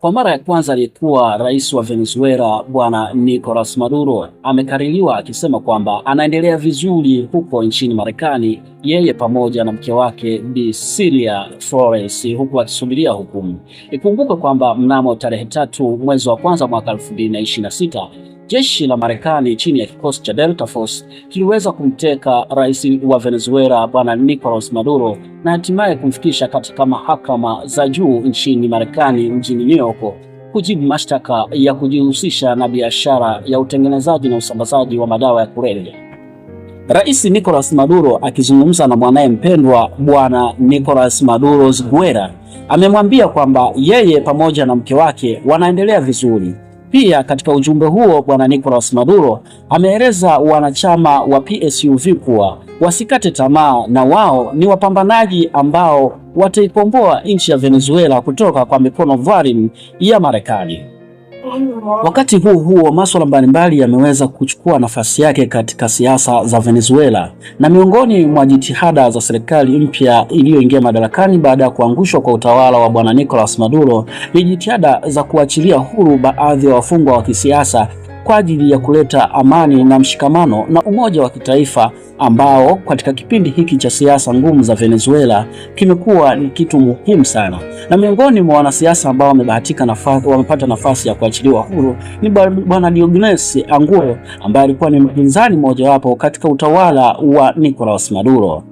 Kwa mara ya kwanza aliyekuwa rais wa Venezuela bwana Nicolas Maduro amekaririwa akisema kwamba anaendelea vizuri huko nchini Marekani yeye pamoja na mke wake Bi Celia Flores huku akisubiria hukumu. Ikumbuke kwamba mnamo tarehe tatu mwezi wa kwanza mwaka 2026 jeshi la Marekani chini ya kikosi cha Delta Force kiliweza kumteka rais wa Venezuela Bwana Nicolas Maduro na hatimaye kumfikisha katika mahakama za juu nchini Marekani mjini New York kujibu mashtaka ya kujihusisha na biashara ya utengenezaji na usambazaji wa madawa ya kulevya. Rais Nicolas Maduro akizungumza na mwanaye mpendwa Bwana Nicolas Maduro Guerra amemwambia kwamba yeye pamoja na mke wake wanaendelea vizuri. Pia katika ujumbe huo Bwana Nicolas Maduro ameeleza wanachama wa PSUV kuwa wasikate tamaa na wao ni wapambanaji ambao wataikomboa nchi ya Venezuela kutoka kwa mikono varin ya Marekani. Wakati huo huo, masuala mbalimbali yameweza kuchukua nafasi yake katika siasa za Venezuela, na miongoni mwa jitihada za serikali mpya iliyoingia madarakani baada ya kuangushwa kwa utawala wa bwana Nicolas Maduro ni jitihada za kuachilia huru baadhi ya wafungwa wa kisiasa kwa ajili ya kuleta amani na mshikamano na umoja wa kitaifa ambao katika kipindi hiki cha siasa ngumu za Venezuela kimekuwa ni kitu muhimu sana. Na miongoni mwa wanasiasa ambao wamebahatika nafasi, wamepata nafasi ya kuachiliwa huru ni Bwana Diogenes Angulo ambaye alikuwa ni mpinzani mmojawapo katika utawala wa Nicolas Maduro.